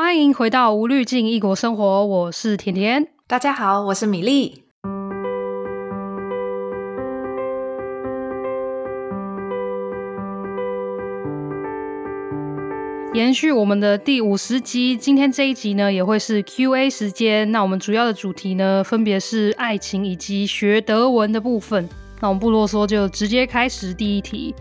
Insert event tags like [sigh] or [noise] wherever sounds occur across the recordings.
歡迎回到無濾鏡異國生活，我是恬恬。大家好，我是米莉。延續我們的第五十集，今天這一集呢也會是 Q&A 時間。那我們主要的主題呢，分別是愛情以及學德文的部分。那我們不囉嗦，就直接開始第一題。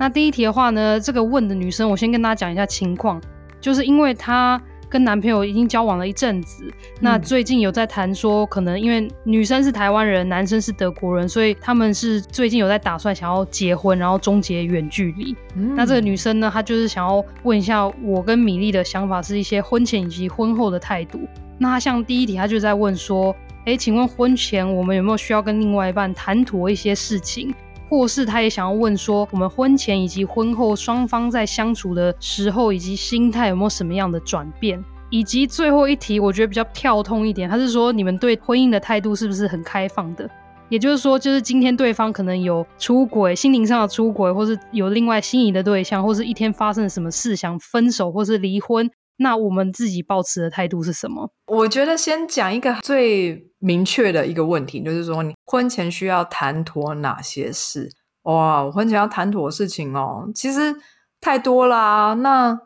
那第一題的話呢，這個問的女生，我先跟大家講一下情況，就是因為她跟男朋友已經交往了一陣子、嗯，那最近有在談說，可能因為女生是台灣人，男生是德國人，所以他們是最近有在打算想要結婚，然後終結遠距離、嗯。那這個女生呢，她就是想要問一下我跟米莉的想法，是一些婚前以及婚後的態度。那她像第一題，她就在問說：“哎、欸，請問婚前我們有沒有需要跟另外一半談妥一些事情？”或是他也想要問說，我們婚前以及婚後雙方在相處的時候以及心態有沒有什麼樣的轉變？以及最後一題，我覺得比較跳通一點，他是說，你們對婚姻的態度是不是很開放的？也就是說，就是今天對方可能有出軌、心靈上的出軌，或是有另外心儀的對象，或是一天發生了什麼事想分手或是離婚，那我們自己抱持的態度是什麼？我覺得先講一個最。明確的一個問題就是說，你婚前需要談妥哪些事？哇、哦，我婚前要談妥的事情哦，其實太多啦。那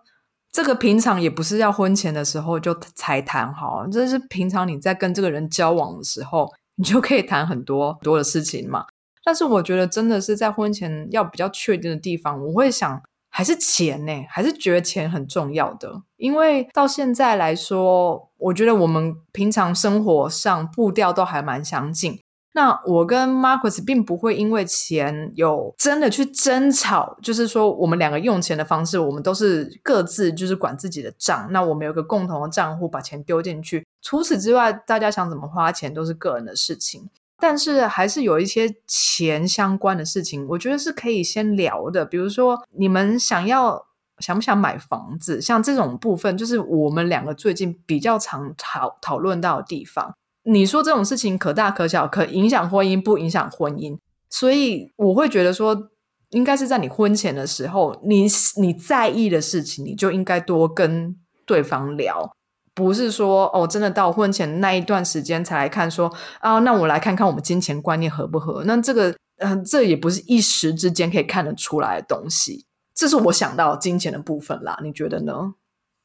這個平常也不是要婚前的時候就才談好，這是平常你在跟這個人交往的時候，你就可以談很多很多的事情嘛。但是我覺得真的是在婚前要比較確定的地方，我會想。還是錢呢，欸？還是覺得錢很重要的？因為到現在來說，我覺得我們平常生活上步調都還蠻相近。那我跟 Marcus 並不會因為錢有真的去爭吵，就是說我們兩個用錢的方式，我們都是各自就是管自己的賬。那我們有個共同的賬戶，把錢丟進去。除此之外，大家想怎麼花錢都是個人的事情。但是還是有一些錢相關的事情，我覺得是可以先聊的。比如說，你們想要想不想買房子，像這種部分就是我們兩個最近比較常討討論到的地方。你說這種事情可大可小，可影響婚姻，不影響婚姻。所以我會覺得說，應該是在你婚前的時候，你你在意的事情，你就應該多跟對方聊。不是說哦，真的到婚前那一段時間才來看說啊，那我來看看我們金錢觀念合不合？那這個嗯、呃、這也不是一時之間可以看得出來的東西。這是我想到金錢的部分啦，你覺得呢？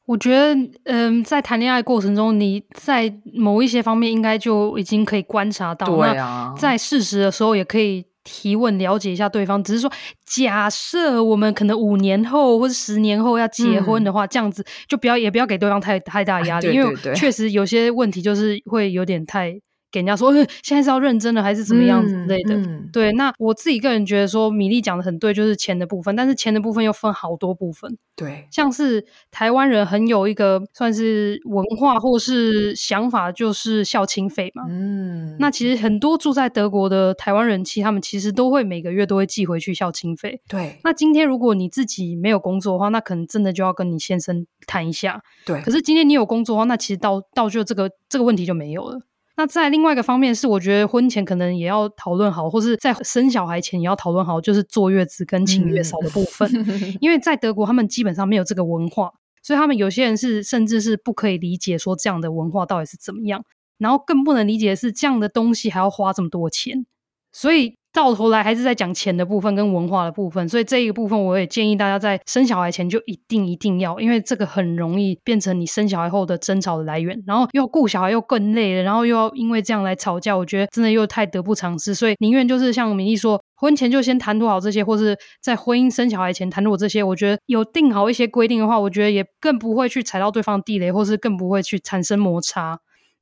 我覺得嗯、呃，在談戀愛過程中，你在某一些方面應該就已經可以觀察到，對啊。那在事實的時候也可以，提問，了解一下對方，只是說，假設我們可能五年後或是十年後要結婚的話，嗯、這樣子就不要，也不要給對方太太大壓力，哎對對對，因為確實有些問題就是會有點太。給人家說，現在是要認真的還是怎麼樣之類的、嗯嗯。對，那我自己個人覺得說，米莉講的很對，就是錢的部分，但是錢的部分又分好多部分。對，像是台灣人很有一個算是文化或是想法，就是孝親費嘛。嗯，那其實很多住在德國的台灣人其實他們其實都會每個月都會寄回去孝親費。對，那今天如果你自己沒有工作的話，那可能真的就要跟你先生談一下。對，可是今天你有工作的話，那其實到到就這個這個問題就沒有了。那在另外一個方面是，我覺得婚前可能也要討論好，或是在生小孩前也要討論好，就是坐月子跟請月嫂的部分。因為在德國，他們基本上沒有這個文化，所以他們有些人是甚至是不可以理解說這樣的文化到底是怎麼樣，然後更不能理解的是這樣的東西還要花這麼多錢，所以。到頭來還是在講錢的部分跟文化的部分，所以這一個部分我也建議大家在生小孩前就一定一定要，因為這個很容易變成你生小孩後的爭吵的來源。然後又要顧小孩又更累了，然後又要因為這樣來吵架，我覺得真的又太得不償失。所以寧願就是像米莉說，婚前就先談妥好這些，或是在婚姻生小孩前談妥這些。我覺得有定好一些規定的話，我覺得也更不會去踩到對方的地雷，或是更不會去產生摩擦。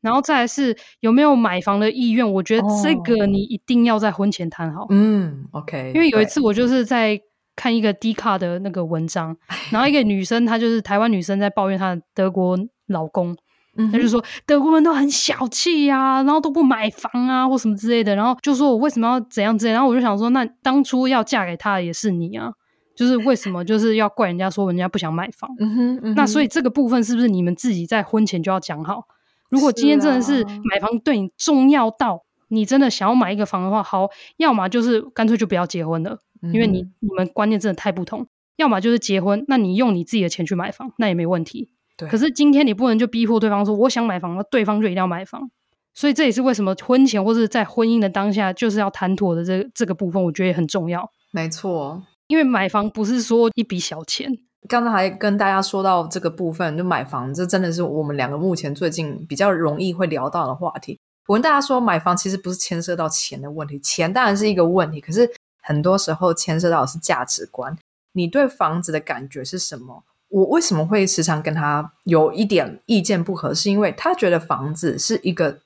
然後再來是有沒有買房的意願？我覺得這個你一定要在婚前談好。哦、嗯，OK。因為有一次我就是在看一個 D 卡的那個文章，然後一個女生 [laughs] 她就是台灣女生在抱怨她的德國老公，她、嗯、就說德國人都很小氣呀、啊，然後都不買房啊或什麼之類的，然後就說我為什麼要怎樣之類的，然後我就想說，那當初要嫁給他的也是你啊，就是為什麼就是要怪人家說人家不想買房？嗯哼，嗯哼，那所以這個部分是不是你們自己在婚前就要講好？如果今天真的是買房對你重要到你真的想要買一個房的話，好，要麼就是乾脆就不要結婚了，嗯、因為你你們觀念真的太不同；要麼就是結婚，那你用你自己的錢去買房，那也沒問題。對。可是今天你不能就逼迫對方說我想買房，那對方就一定要買房。所以這也是為什麼婚前或者在婚姻的當下就是要談妥的這個、這個部分，我覺得也很重要。沒錯，因為買房不是說一筆小錢。剛才還跟大家說到這個部分，就買房，這真的是我們兩個目前最近比較容易會聊到的話題。我跟大家說，買房其實不是牽涉到錢的問題，錢當然是一個問題，可是很多時候牽涉到的是價值觀。你對房子的感覺是什麼？我為什麼會時常跟他有一點意見不合？是因為他覺得房子是一個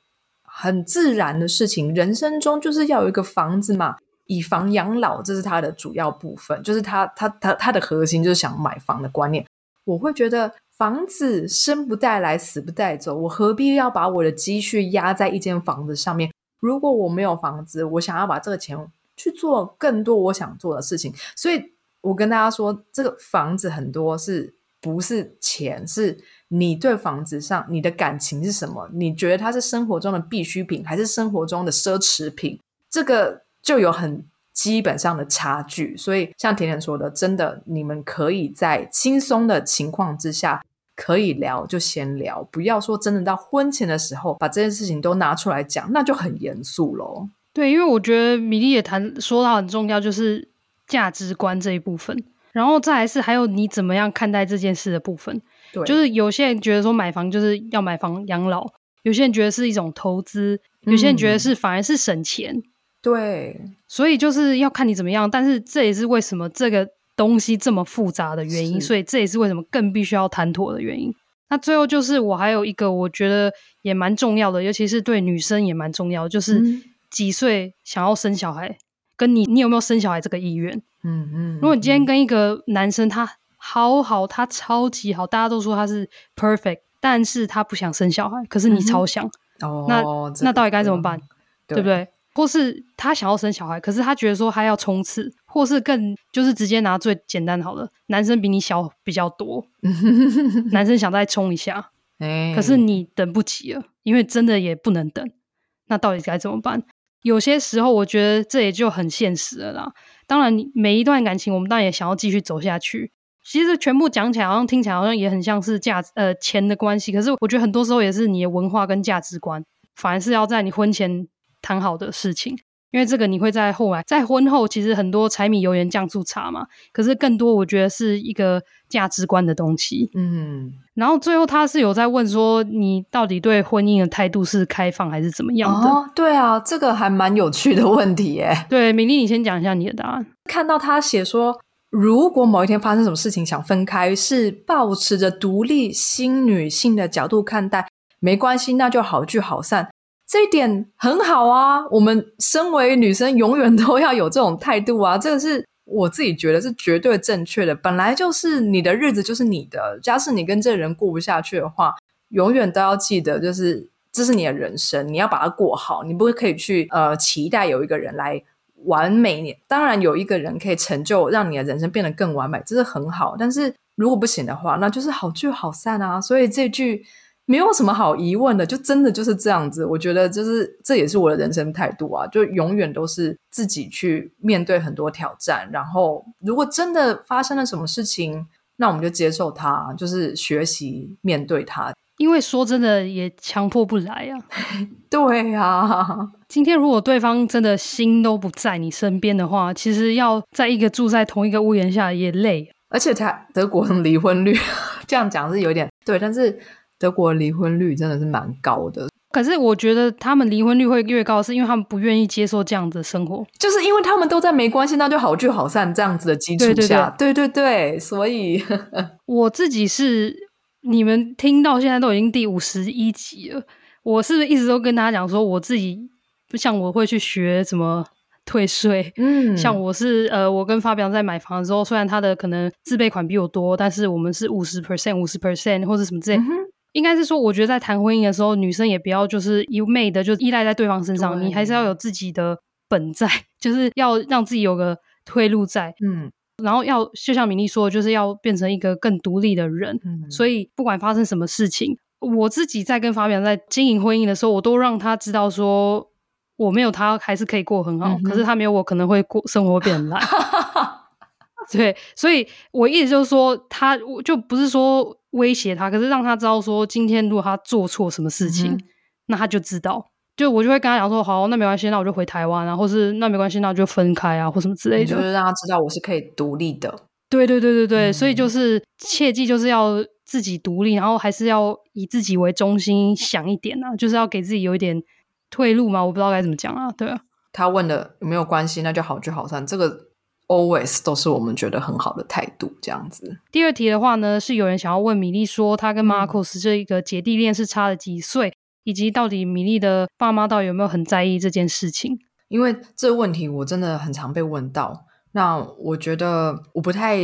很自然的事情，人生中就是要有一個房子嘛。以房養老，這是它的主要部分，就是他他他他的核心就是想買房的觀念。我會覺得房子生不帶來死不帶走，我何必要把我的積蓄壓在一間房子上面？如果我沒有房子，我想要把這個錢去做更多我想做的事情。所以，我跟大家說，這個房子很多是不是錢？是你對房子上你的感情是什麼？你覺得它是生活中的必需品，還是生活中的奢侈品？這個。就有很基本上的差距，所以像恬恬說的，真的，你們可以在輕鬆的情況之下可以聊就先聊，不要說真的到婚前的時候把這件事情都拿出來講，那就很嚴肅嘍。對，因為我覺得米莉也談說到很重要，就是價值觀這一部分，然後再來是還有你怎麼樣看待這件事的部分。對，就是有些人覺得說買房就是要買房養老，有些人覺得是一種投資，有些人覺得是反而是省錢。嗯對，所以就是要看你怎麼樣，但是這也是為什麼這個東西這麼複雜的原因，所以這也是為什麼更必須要談妥的原因。那最後就是我還有一個，我覺得也蠻重要的，尤其是對女生也蠻重要，就是幾歲想要生小孩，嗯、跟你你有沒有生小孩這個意願？嗯嗯。如果你今天跟一個男生、嗯，他好好，他超級好，大家都說他是 perfect，但是他不想生小孩，可是你超想，嗯、哦，那那到底該怎麼辦？嗯、對，對不對？或是他想要生小孩，可是他覺得說他要衝刺，或是更就是直接拿最簡單好了。男生比你小比較多， [laughs] 男生想再衝一下、欸，可是你等不及了，因為真的也不能等。那到底該怎麼辦？有些時候我覺得這也就很現實了啦。當然，每一段感情我們當然也想要繼續走下去。其實全部講起來，好像聽起來好像也很像是價值呃錢的關係，可是我覺得很多時候也是你的文化跟價值觀，反而是要在你婚前。談好的事情，因為這個你會在後來在婚後，其實很多柴米油鹽醬醋茶嘛。可是更多，我覺得是一個價值觀的東西。嗯，然後最後他是有在問說，你到底對婚姻的態度是開放還是怎麼樣的？哦、對啊，這個還蠻有趣的問題誒。對，米莉，你先講一下你的答案。看到他寫說，如果某一天發生什麼事情想分開，是抱持著獨立新女性的角度看待，沒關係，那就好聚好散。這一點很好啊！我們身為女生，永遠都要有這種態度啊！這個是我自己覺得是絕對正確的。本來就是你的日子就是你的，假使你跟這個人過不下去的話，永遠都要記得，就是這是你的人生，你要把它過好。你不可以去呃期待有一個人來完美你。你當然有一個人可以成就，讓你的人生變得更完美，這是很好。但是如果不行的話，那就是好聚好散啊！所以這句。沒有什麼好疑問的，就真的就是這樣子。我覺得就是這也是我的人生態度啊，就永遠都是自己去面對很多挑戰。然後如果真的發生了什麼事情，那我們就接受它，就是學習面對它。因為說真的也強迫不來啊。 [laughs] 對啊，今天如果對方真的心都不在你身邊的話，其實要在一個住在同一個屋檐下也累啊。而且他德國離婚率這樣講是有點對，但是。德國離婚率真的是蠻高的，可是我覺得他們離婚率會越高，是因為他們不願意接受這樣的生活，就是因為他們都在沒關係，那就好聚好散這樣子的基礎下。對對對，對對對所以 [laughs] 我自己是你們聽到現在都已經第五十一集了，我是不是一直都跟大家講說，我自己不像我會去學什麼退稅。嗯，像我是呃，我跟 Fabian 在買房的時候，雖然他的可能自備款比我多，但是我們是五十 percent、五十 percent 或者什麼之類。嗯應該是說，我覺得在談婚姻的時候，女生也不要就是一昧的就依賴在對方身上，你還是要有自己的本在，就是要讓自己有個退路在。嗯，然後要就像米莉說的，就是要變成一個更獨立的人。嗯，所以不管發生什麼事情，我自己在跟 Fabian 在經營婚姻的時候，我都讓他知道說，我沒有他還是可以過很好，嗯、可是他沒有我可能會過生活變爛。 [laughs] 對，所以我意思就是說，他我就不是說。威脅他，可是讓他知道說，今天如果他做錯什麼事情、嗯，那他就知道。就我就會跟他講說，好，那沒關係，那我就回台灣、啊，然後是那沒關係，那我就分開啊，或什麼之類的，就是讓他知道我是可以獨立的。對對對對對，嗯、所以就是切記，就是要自己獨立，然後還是要以自己為中心想一點啊，就是要給自己有一點退路嘛。我不知道該怎麼講啊，對啊。他問的有沒有關係，那就好聚好散。這個。Always 都是我們覺得很好的態度，這樣子。第二題的話呢，是有人想要問米莉，說他跟 Marcus 這一個姐弟戀是差了幾歲，嗯，以及到底米莉的爸媽到底有沒有很在意這件事情？因為這個問題我真的很常被問到，那我覺得我不太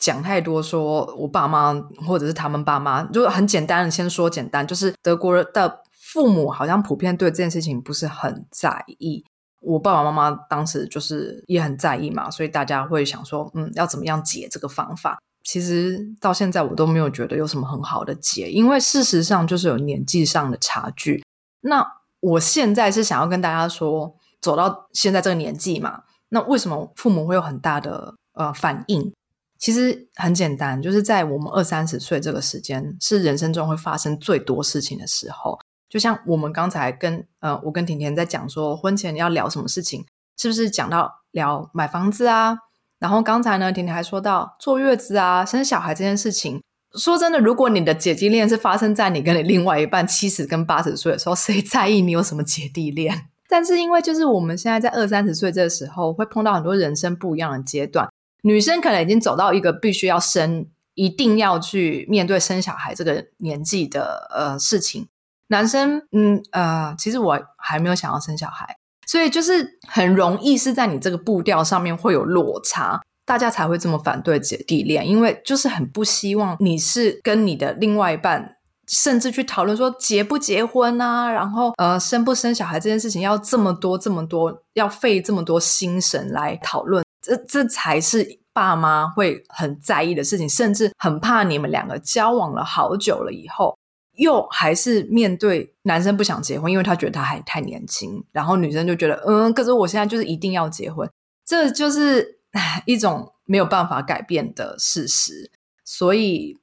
講太多，說我爸媽或者是他們爸媽，就很簡單的先說簡單，就是德國的父母好像普遍對這件事情不是很在意。我爸爸媽媽當時就是也很在意嘛，所以大家會想說，嗯，要怎麼樣解這個方法？其實到現在我都沒有覺得有什麼很好的解，因為事實上就是有年紀上的差距。那我現在是想要跟大家說，走到現在這個年紀嘛，那為什麼父母會有很大的呃反應？其實很簡單，就是在我們二三十歲這個時間，是人生中會發生最多事情的時候。就像我們剛才跟呃，我跟恬恬在講說婚前要聊什麼事情，是不是講到聊買房子啊？然後剛才呢，恬恬還說到坐月子啊、生小孩這件事情。說真的，如果你的姐弟戀是發生在你跟你另外一半七十跟八十歲的時候，誰在意你有什麼姐弟戀？但是因為就是我們現在在二三十歲這個時候，會碰到很多人生不一樣的階段，女生可能已經走到一個必須要生、一定要去面對生小孩這個年紀的呃事情。男生，嗯呃，其實我還沒有想要生小孩，所以就是很容易是在你這個步調上面會有落差，大家才會這麼反對姐弟戀，因為就是很不希望你是跟你的另外一半，甚至去討論說結不結婚啊，然後呃生不生小孩這件事情要這麼多這麼多，要費這麼多心神來討論，這這才是爸媽會很在意的事情，甚至很怕你們兩個交往了好久了以後。又還是面對男生不想結婚，因為他覺得他還太年輕，然後女生就覺得嗯，可是我現在就是一定要結婚，這就是一種沒有辦法改變的事實。所以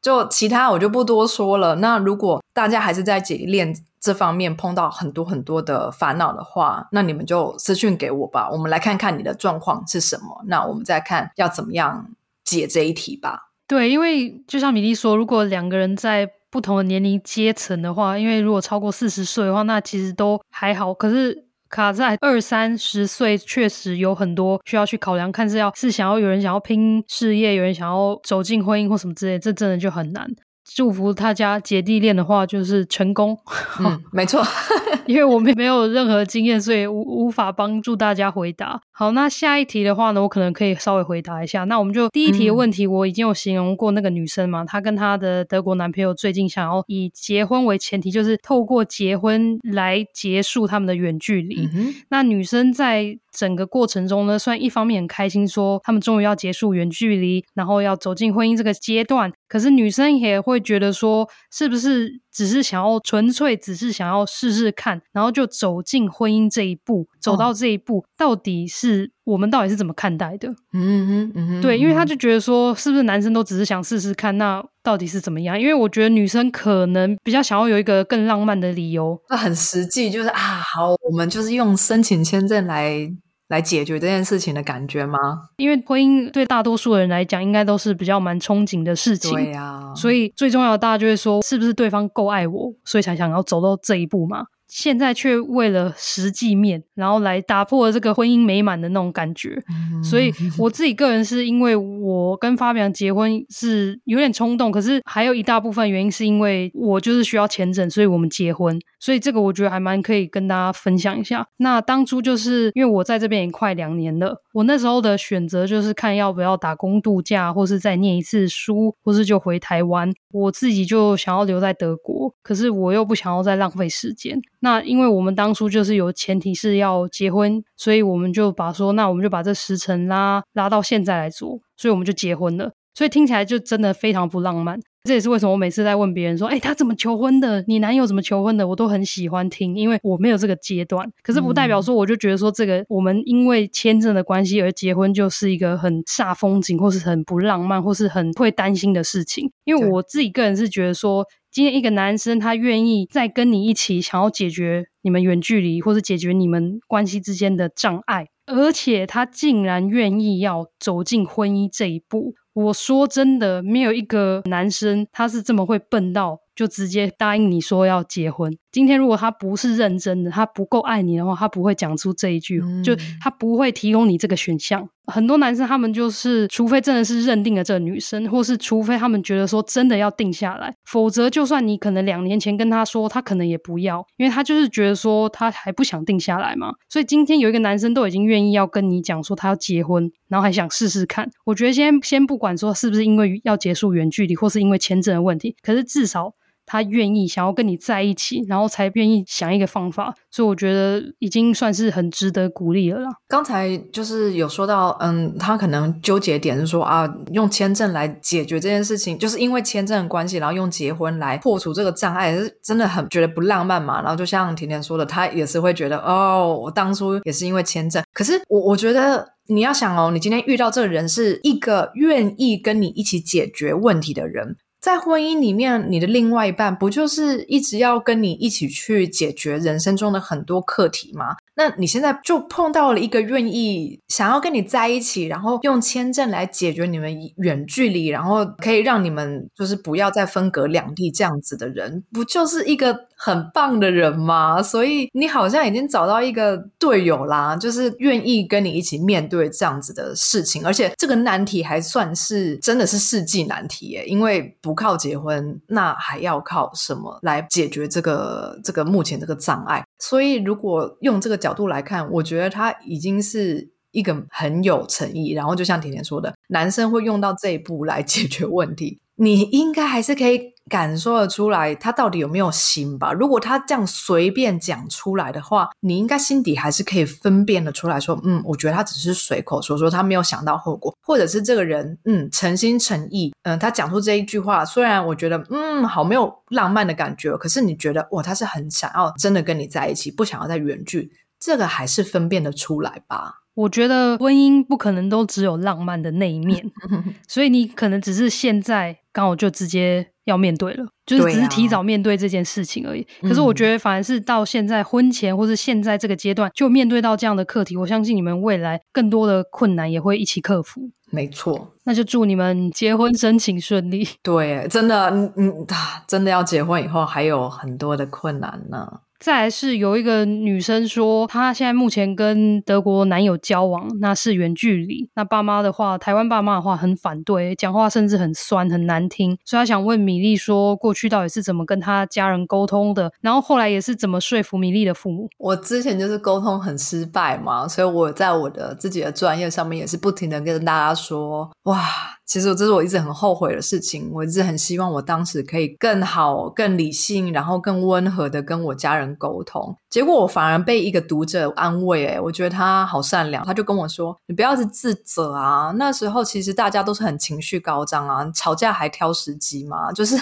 就其他我就不多說了。那如果大家還是在姐弟戀這方面碰到很多很多的煩惱的話，那你們就私訊給我吧，我們來看看你的狀況是什麼，那我們再看要怎麼樣解這一題吧。對，因為就像米莉說，如果兩個人在不同的年齡階層的話，因為如果超過四十歲的話，那其實都還好。可是卡在二三十歲，確實有很多需要去考量，看是要是想要有人想要拼事業，有人想要走進婚姻或什麼之類的，這真的就很難。祝福大家姐弟戀的話就是成功， [laughs] 嗯、沒錯， [laughs] 因為我們沒有任何經驗，所以無無法幫助大家回答。好，那下一題的話呢，我可能可以稍微回答一下。那我們就第一題的問題，嗯、我已經有形容過那個女生嘛，她跟她的德國男朋友最近想要以結婚為前提，就是透過結婚來結束他們的遠距離、嗯。那女生在。整個過程中呢，雖然一方面很開心說，說他們終於要結束遠距離，然後要走進婚姻這個階段。可是女生也會覺得說，是不是只是想要純粹，只是想要試試看，然後就走進婚姻這一步，走到這一步，哦、到底是我們到底是怎麼看待的？嗯哼，嗯哼嗯哼對，因為他就覺得說、嗯，是不是男生都只是想試試看，那到底是怎麼樣？因為我覺得女生可能比較想要有一個更浪漫的理由，那很實際，就是啊，好，我們就是用申請簽證來。來解決這件事情的感覺嗎？因為婚姻對大多數人來講，應該都是比較蠻憧憬的事情。對呀、啊，所以最重要的，大家就會說，是不是對方夠愛我，所以才想要走到這一步嘛。現在卻為了實際面，然後來打破這個婚姻美滿的那種感覺、嗯，所以我自己個人是因為我跟 Fabian 結婚是有點衝動，可是還有一大部分原因是因為我就是需要簽證，所以我們結婚，所以這個我覺得還蠻可以跟大家分享一下。那當初就是因為我在這邊也快兩年了。我那時候的選擇就是看要不要打工度假，或是再念一次書，或是就回台灣。我自己就想要留在德國，可是我又不想要再浪費時間。那因為我們當初就是有前提是要結婚，所以我們就把說，那我們就把這時程拉拉到現在來做，所以我們就結婚了。所以聽起來就真的非常不浪漫。這也是為什麼我每次在問別人說：“哎、欸，他怎麼求婚的？你男友怎麼求婚的？”我都很喜歡聽，因為我沒有這個階段。可是不代表說我就覺得說這個、嗯、我們因為簽證的關係而結婚就是一個很煞風景，或是很不浪漫，或是很會擔心的事情。因為我自己個人是覺得說，今天一個男生他願意再跟你一起，想要解決你們遠距離，或是解決你們關係之間的障礙，而且他竟然願意要走進婚姻這一步。我說真的，沒有一個男生，他是這麼會笨到，就直接答應你說要結婚。今天如果他不是認真的，他不夠愛你的話，他不會講出這一句，嗯，就他不會提供你這個選項。很多男生他們就是，除非真的是認定了這個女生，或是除非他們覺得說真的要定下來，否則就算你可能兩年前跟他說，他可能也不要，因為他就是覺得說他還不想定下來嘛。所以今天有一個男生都已經願意要跟你講說他要結婚，然後還想試試看。我覺得先先不管說是不是因為要結束遠距離，或是因為簽證的問題，可是至少。他願意想要跟你在一起，然後才願意想一個方法，所以我覺得已經算是很值得鼓勵了啦。剛才就是有說到，嗯，他可能糾結點是說啊，用簽證來解決這件事情，就是因為簽證的關係，然後用結婚來破除這個障礙，是真的很覺得不浪漫嘛？然後就像恬恬說的，他也是會覺得哦，我當初也是因為簽證，可是我我覺得你要想哦，你今天遇到這個人是一個願意跟你一起解決問題的人。在婚姻裡面，你的另外一半不就是一直要跟你一起去解決人生中的很多課題嗎？那你現在就碰到了一個願意想要跟你在一起，然後用簽證來解決你們遠距離，然後可以讓你們就是不要再分隔兩地這樣子的人，不就是一個很棒的人嗎？所以你好像已經找到一個隊友啦，就是願意跟你一起面對這樣子的事情，而且這個難題還算是真的是世紀難題耶，因為不。不靠結婚，那還要靠什麼來解決這個這個目前這個障礙？所以，如果用這個角度來看，我覺得他已經是一個很有誠意。然後，就像恬恬說的，男生會用到這一步來解決問題。你應該還是可以感受得出來，他到底有沒有心吧？如果他這樣隨便講出來的話，你應該心底還是可以分辨得出來說，嗯，我覺得他只是隨口說說，他沒有想到後果，或者是這個人，嗯，誠心誠意，嗯，他講出這一句話，雖然我覺得，嗯，好沒有浪漫的感覺，可是你覺得，哇，他是很想要真的跟你在一起，不想要再遠距，這個還是分辨得出來吧？我覺得婚姻不可能都只有浪漫的那一面， [laughs] 所以你可能只是現在剛好就直接要面對了，就是只是提早面對這件事情而已。啊、可是我覺得，反而是到現在婚前或是現在這個階段，嗯、就面對到這樣的課題，我相信你們未來更多的困難也會一起克服。沒錯，那就祝你們結婚申請順利。對，真的，嗯嗯，真的要結婚以後還有很多的困難呢。再來是有一個女生說，她現在目前跟德國男友交往，那是遠距離。那爸媽的話，台灣爸媽的話很反對，講話甚至很酸很難聽。所以她想問米莉說，過去到底是怎麼跟她家人溝通的？然後後來也是怎麼說服米莉的父母？我之前就是溝通很失敗嘛，所以我在我的自己的專業上面也是不停的跟大家說，哇。其實這是我一直很後悔的事情，我一直很希望我當時可以更好、更理性，然後更溫和的跟我家人溝通。結果我反而被一個讀者安慰、欸，哎，我覺得他好善良，他就跟我說：“你不要自責啊，那時候其實大家都是很情緒高漲啊，吵架還挑時機嗎？”就是，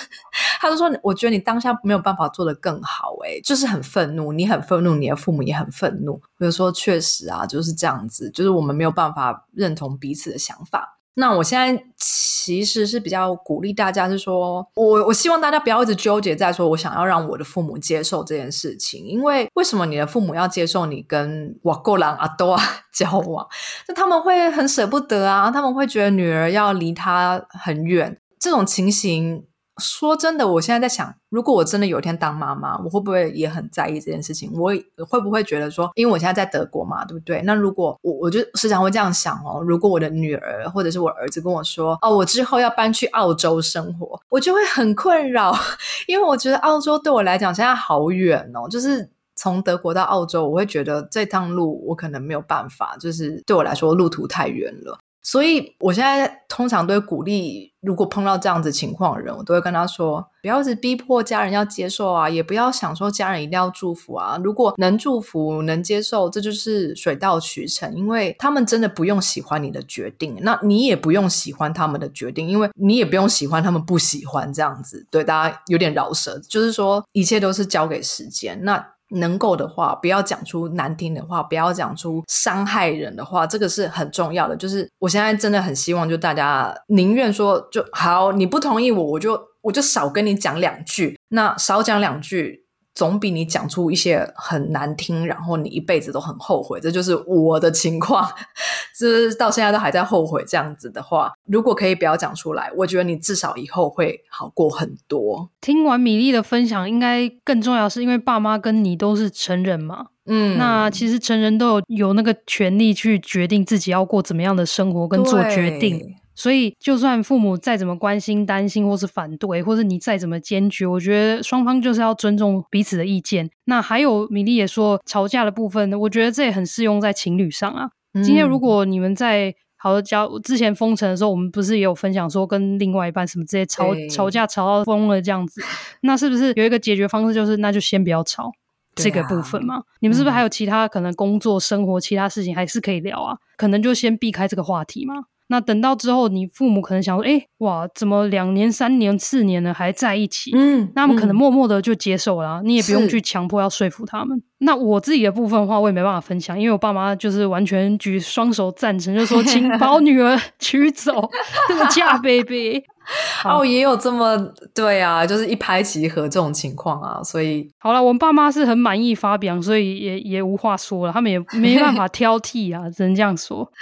他就說：“我覺得你當下沒有辦法做得更好、欸，哎，就是很憤怒，你很憤怒，你的父母也很憤怒。”我就說：“確實啊，就是這樣子，就是我們沒有辦法認同彼此的想法。”那我現在其實是比較鼓勵大家，是說，我我希望大家不要一直糾結在說我想要讓我的父母接受這件事情，因為為什麼你的父母要接受你跟瓦格蘭阿多啊，啊交往？那他們會很捨不得啊，他們會覺得女兒要離他很遠，這種情形。說真的，我現在在想，如果我真的有一天當媽媽，我會不會也很在意這件事情？我會不會覺得說，因為我現在在德國嘛，對不對？那如果我我就時常會這樣想哦，如果我的女兒或者是我兒子跟我說，哦，我之後要搬去澳洲生活，我就會很困擾，因為我覺得澳洲對我來講現在好遠哦，就是從德國到澳洲，我會覺得這趟路我可能沒有辦法，就是對我來說路途太遠了。所以，我現在通常都會鼓勵，如果碰到這樣子情況的人，我都會跟他說，不要一直逼迫家人要接受啊，也不要想說家人一定要祝福啊。如果能祝福、能接受，這就是水到渠成，因為他們真的不用喜歡你的決定，那你也不用喜歡他們的決定，因為你也不用喜歡他們不喜歡這樣子。對，大家有點饒舌，就是說一切都是交給時間。那。能夠的話，不要講出難聽的話，不要講出傷害人的話，這個是很重要的。就是我現在真的很希望，就大家寧願說就好，你不同意我，我就我就少跟你講兩句，那少講兩句，總比你講出一些很難聽，然後你一輩子都很後悔，這就是我的情況， [laughs] 是，是到現在都還在後悔這樣子的話。如果可以不要講出來，我覺得你至少以後會好過很多。聽完米莉的分享，應該更重要是因為爸媽跟你都是成人嘛。嗯，那其實成人都有有那個權利去決定自己要過怎麼樣的生活跟做決定。所以，就算父母再怎麼關心、擔心，或是反對，或是你再怎麼堅決，我覺得雙方就是要尊重彼此的意見。那還有米莉也說，吵架的部分，我覺得這也很適用在情侶上啊。今天如果你們在好的交之前封城的時候，我們不是也有分享說跟另外一半什麼這些吵吵架吵到瘋了這樣子，那是不是有一個解決方式，就是那就先不要吵這個部分嘛？你們是不是還有其他可能工作、生活其他事情還是可以聊啊？可能就先避開這個話題嘛？那等到之後，你父母可能想說：“哎、欸，哇，怎麼兩年、三年、四年了還在一起？”嗯，那麼可能默默的就接受了，啊，你也不用去強迫要說服他們。那我自己的部分的話，我也沒辦法分享，因為我爸媽就是完全舉雙手贊成，就說：“請把我女兒娶走，這 [laughs] 個嫁 baby。 [laughs] ” Oh. 哦，也有這麼對啊，就是一拍即合這種情況啊，所以好了，我們爸媽是很滿意 Fabian，所以也也無話說了，他們也沒辦法挑剔啊， [laughs] 只能這樣說，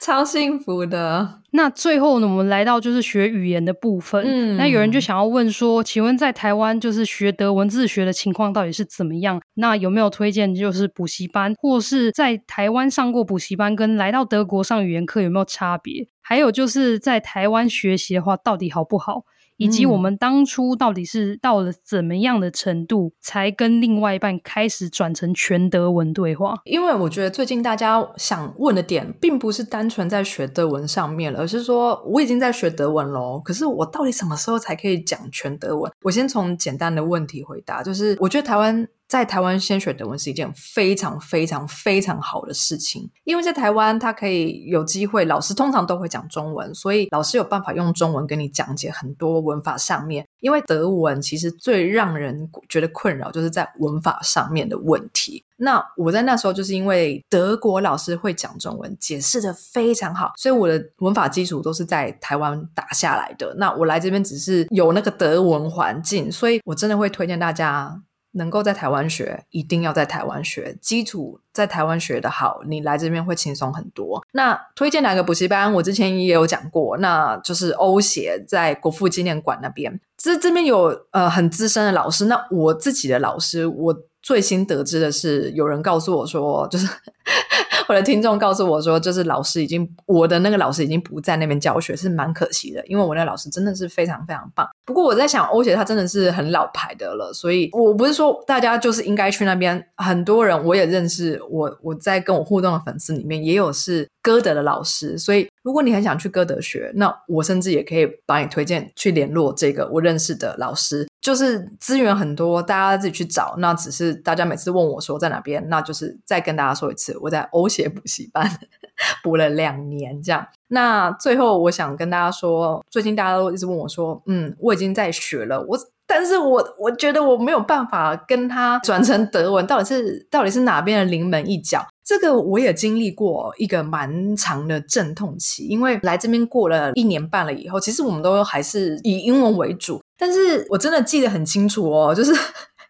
超幸福的。那最後呢，我們來到就是學語言的部分，嗯、那有人就想要問說，請問在台灣就是學德文自學的情況到底是怎麼樣？那有沒有推薦就是補習班，或是在台灣上過補習班，跟來到德國上語言課有沒有差別？還有就是在台灣學習的話，到底好不好？以及我們當初到底是到了怎麼樣的程度，才跟另外一半開始轉成全德文對話？因為我覺得最近大家想問的點，並不是單純在學德文上面了，而是說我已經在學德文嘍，可是我到底什麼時候才可以講全德文？我先從簡單的問題回答，就是我覺得台灣。在台灣先學德文是一件非常非常非常好的事情，因為在台灣，他可以有機會，老師通常都會講中文，所以老師有辦法用中文跟你講解很多文法上面。因為德文其實最讓人覺得困擾，就是在文法上面的問題。那我在那時候就是因為德國老師會講中文，解釋得非常好，所以我的文法基礎都是在台灣打下來的。那我來這邊只是有那個德文環境，所以我真的會推薦大家。能夠在台灣學，一定要在台灣學，基礎在台灣學的好，你來這邊會輕鬆很多。那推薦哪個補習班？我之前也有講過，那就是歐協在國父紀念館那邊，這這邊有呃很資深的老師。那我自己的老師，我。最新得知的是，有人告訴我說，就是 [laughs] 我的聽眾告訴我說，就是老師已經我的那個老師已經不在那邊教學，是蠻可惜的，因為我那老師真的是非常非常棒。不過我在想，歐姐他真的是很老牌的了，所以我不是說大家就是應該去那邊，很多人我也認識，我我在跟我互動的粉絲裡面也有是歌德的老師，所以如果你很想去歌德學，那我甚至也可以幫你推薦去聯絡這個我認識的老師。就是資源很多，大家自己去找。那只是大家每次問我說在哪邊，那就是再跟大家說一次，我在歐協補習班補 [laughs] 了兩年，這樣。那最後我想跟大家說，最近大家都一直問我說，嗯，我已經在學了，我，但是我我覺得我沒有辦法跟他轉成德文，到底是到底是哪邊的臨門一腳？這個我也經歷過一個蠻長的陣痛期，因為來這邊過了一年半了以後，其實我們都還是以英文為主。但是我真的記得很清楚哦，就是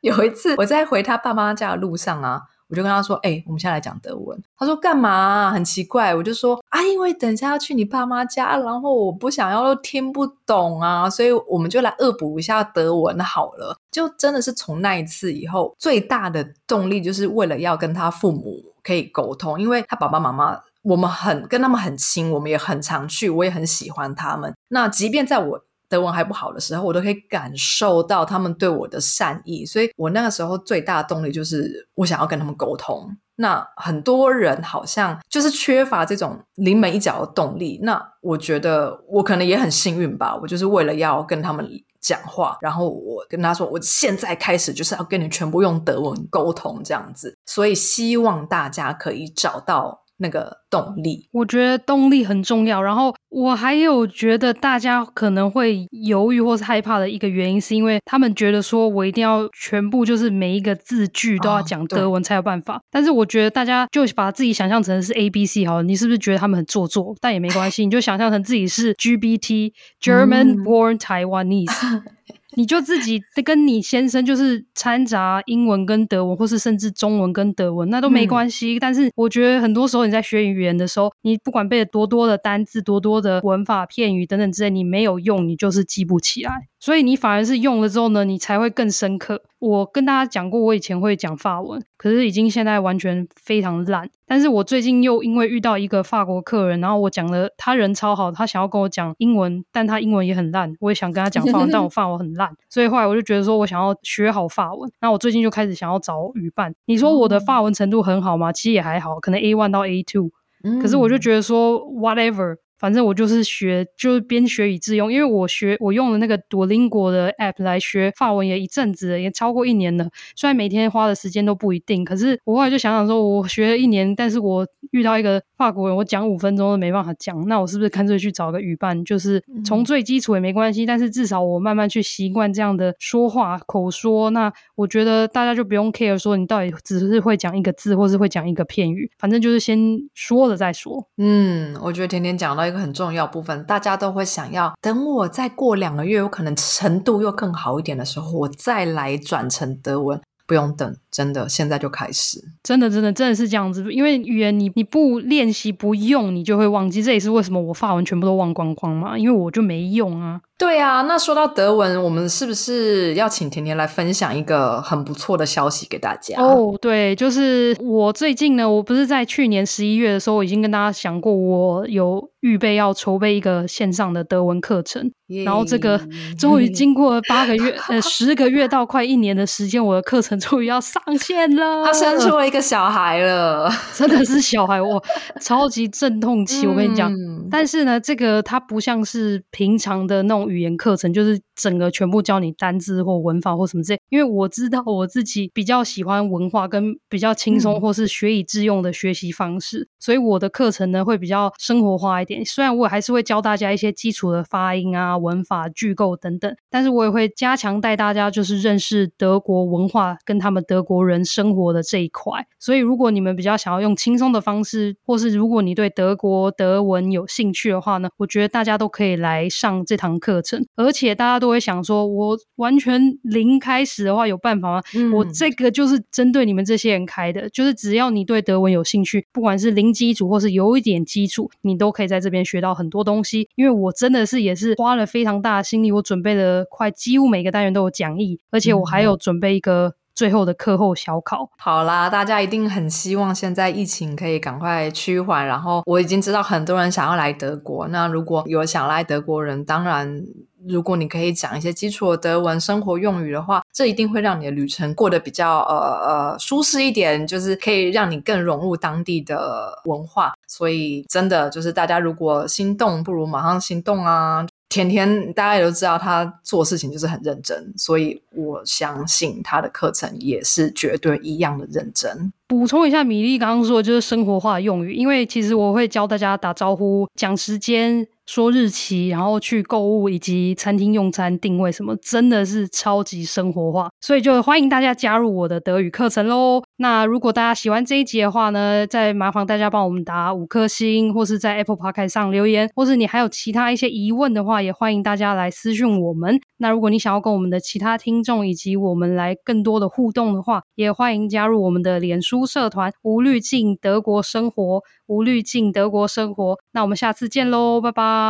有一次我在回他爸媽家的路上啊，我就跟他說：“哎、欸，我們現在來講德文。”他說：“幹嘛、啊？”很奇怪。我就說：“啊，因為等一下要去你爸媽家，然後我不想要都聽不懂啊，所以我們就來惡補一下德文好了。”就真的是從那一次以後，最大的動力就是為了要跟他父母可以溝通，因為他爸爸媽媽，我們很跟他們很親，我們也很常去，我也很喜歡他們。那即便在我德文還不好的時候，我都可以感受到他們對我的善意，所以我那個時候最大的動力就是我想要跟他們溝通。那很多人好像就是缺乏這種臨門一腳的動力。那我覺得我可能也很幸運吧，我就是為了要跟他們講話，然後我跟他說，我現在開始就是要跟你全部用德文溝通這樣子。所以希望大家可以找到。那個動力，我覺得動力很重要。然後我還有覺得大家可能會猶豫或是害怕的一個原因，是因為他們覺得說我一定要全部就是每一個字句都要講德文才有辦法。哦、但是我覺得大家就把自己想象成是 A B C 好了，你是不是覺得他們很做作？但也沒關係， [laughs] 你就想象成自己是 G B T German Born Taiwanese，嗯。 [laughs] 你就自己跟你先生就是摻雜英文跟德文，或是甚至中文跟德文，那都沒關係，嗯。但是我覺得很多時候你在學語言的時候，你不管背多多的單字、多多的文法片語等等之類，你沒有用，你就是記不起來。所以你反而是用了之後呢，你才會更深刻。我跟大家講過，我以前會講法文，可是已經現在完全非常爛。但是我最近又因為遇到一個法國客人，然後我講了，他人超好，他想要跟我講英文，但他英文也很爛，我也想跟他講法文， [laughs] 但我法文很爛，所以後來我就覺得說我想要學好法文。那我最近就開始想要找語伴。你說我的法文程度很好嗎？其實也還好，可能 A one 到 A two，嗯，可是我就覺得說 whatever。反正我就是學，就是邊學以致用，因為我學我用了那個多鄰國的 app 來學法文也一陣子了，也超過一年了。雖然每天花的時間都不一定，可是我後來就想想說，我學了一年，但是我遇到一個法國人，我講五分鐘都沒辦法講，那我是不是乾脆去找個語伴？就是從最基礎也沒關係，但是至少我慢慢去習慣這樣的說話口說。那我覺得大家就不用 care 說你到底只是會講一個字，或是會講一個片語，反正就是先說了再說。嗯，我覺得恬恬講到一個。一個很重要部分，大家都會想要等我再過兩個月，我可能程度又更好一點的時候，我再來轉成德文，不用等。真的，現在就開始。真的，真的，真的是這樣子。因為語言你，你你不練習、不用，你就會忘記。這也是為什麼我法文全部都忘光光嘛，因為我就沒用啊。對啊，那說到德文，我們是不是要請恬恬來分享一個很不錯的消息給大家？哦、oh，對，就是我最近呢，我不是在去年十一月的時候，我已經跟大家講過，我有預備要籌備一個線上的德文課程。Yeah, 然後這個終於經過了八個月、 [laughs] 呃十個月到快一年的時間，我的課程終於要上。上線了，他生出了一個小孩了， [laughs] 真的是小孩我 [laughs] 超級陣痛期，我跟你講、嗯。但是呢，這個它，不像是平常的那種語言課程，就是整個全部教你單字或文法或什麼之類。因為我知道我自己比較喜歡文化跟比較輕鬆或是學以致用的學習方式、嗯，所以我的課程呢會比較生活化一點。雖然我還是會教大家一些基礎的發音啊、文法、句構等等，但是我也會加強帶大家就是認識德國文化跟他們德國。國人生活的這一塊，所以如果你們比較想要用輕鬆的方式，或是如果你對德國德文有興趣的話呢，我覺得大家都可以來上這堂課程。而且大家都會想說，我完全零開始的話有辦法嗎？嗯。我這個就是針對你們這些人開的，就是只要你對德文有興趣，不管是零基礎或是有一點基礎，你都可以在這邊學到很多東西。因為我真的是也是花了非常大的心力，我準備了快幾乎每個單元都有講義，而且我還有準備一個。嗯。最後的課後小考。好啦，大家一定很希望現在疫情可以趕快趨緩。然後我已經知道很多人想要來德國。那如果有想來德國人，當然如果你可以講一些基礎德文生活用語的話，這一定會讓你的旅程過得比較呃呃舒適一點，就是可以讓你更融入當地的文化。所以真的就是大家如果心動，不如馬上行動啊！恬恬，大家也都知道，他做事情就是很認真，所以我相信他的課程也是絕對一樣的認真。補充一下，米莉剛剛說的就是生活化的用語，因為其實我會教大家打招呼、講時間。說日期，然後去購物以及餐廳用餐定位什麼，真的是超級生活化，所以就歡迎大家加入我的德語課程嘍。那如果大家喜歡這一集的話呢，再麻煩大家幫我們打五顆星，或是在 Apple Podcast 上留言，或是你還有其他一些疑問的話，也歡迎大家來私訊我們。那如果你想要跟我們的其他聽眾以及我們來更多的互動的話，也歡迎加入我們的臉書社團“無濾鏡德國生活”，無濾鏡德國生活。那我們下次見嘍，拜拜。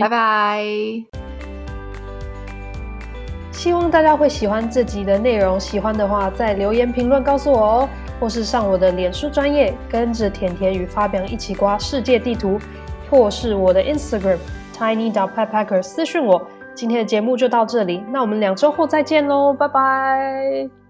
拜拜，拜拜！希望大家會喜歡這集的內容，喜歡的話在留言評論告訴我哦，或是上我的臉書專頁跟着恬恬與 Fabian 一起刮世界地圖，或是我的 Instagram tiny.backpacker 私訊我。今天的節目就到這裡，那我們兩周後再見嘍，拜拜！